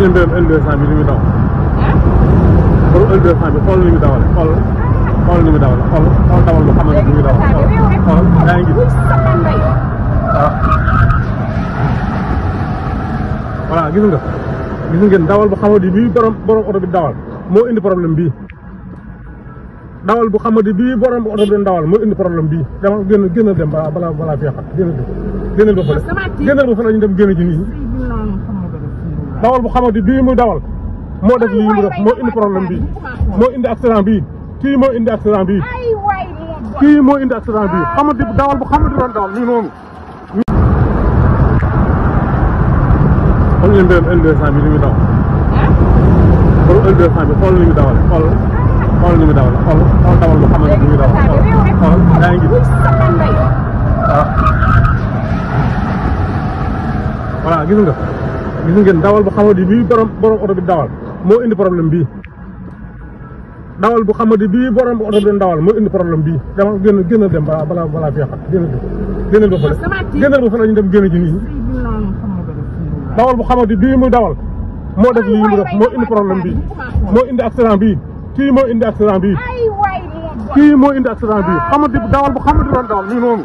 nañ leen beneen L200 bi li muy dawal. pour L200 bi xool li muy dawal xool xool li muy dawal xool xool dawal lu xamante ni muy dawal xool xool yaa ngi gis waaw. voilà gis nga gis ngeen dawal bu xamante bii borom borom oto bi dawal moo indi problème bii. dawal bu xamante bii borom oto bi doon dawal moo indi problème bii dama gën a gën a dem balaa balaa balaa fee xam gën a dem. gën a dem fa la ñu dem gën a ji nii. dawal bu xamante bii muy dawal moo def lii mu def moo indi problème bii moo indi accident bii kii moo indi accident bii kii moo indi accident bii xamante dawal bu xamante doon dawal ñu noonu. xool leen beneen L200 bi li muy daw xool L200 bi xool li muy dawalee xool xool li muy dawalee xool xool dawal bu xamante ni muy dawalee xool xool yaa ngi gis waaw ah. voilà gis nga. gis ngeen dawal bu xamadi bii borom borom oto bi dawal moo indi problème bii dawal bu xamadi bii borom oto bi doon dawal moo indi problème bii dama génn génn dem balaa balaa balaa feexat génn génnal ba fële génnal ba fële ñu dem génn ji nii dawal bu xamadi bii muy dawal moo def lii mu def moo indi problème bii moo indi accident bii kii moo indi accident bii kii moo indi accident bii ah, xamadi ah. dawal bu xamadi doon dawal nii noonu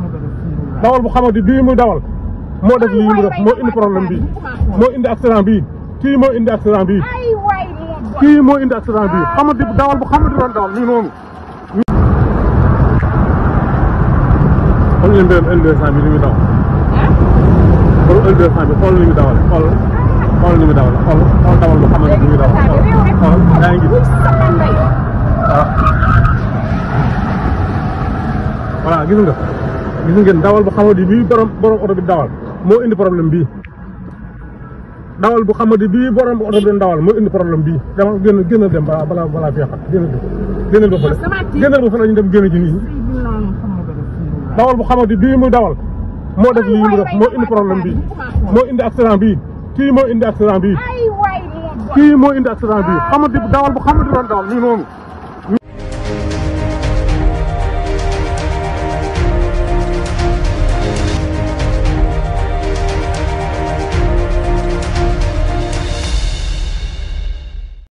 dawal bu xamante bii muy dawal moo def lii mu def moo indi problème bii moo indi accident bii kii moo indi accident bii kii moo indi accident bii ah. xamante dawal bu xamante doon dawal ñu noonu. xool leen beneen L200 bi li muy dawal. xool L200 bi xool li muy dawal xool xool li muy dawal xool xool dawal bu xamante ni muy dawal xool xool yaa ngi gis ah. voilà gis nga. gis ngeen dawal bu di bii borom borom oto bi dawal moo indi problème bii dawal bu xamadi bii borom oto bi doon dawal moo indi problème bii dama génn génn dem balaa balaa balaa feexal génn dem génneel ba fële génneel ba fële ñu dem génn ji nii dawal bu xamadi bii muy dawal moo def lii mu def moo indi problème bii moo indi accident bii kii moo indi accident bii kii moo indi accident bii ah. xamadi dawal bu xamadi doon dawal nii noonu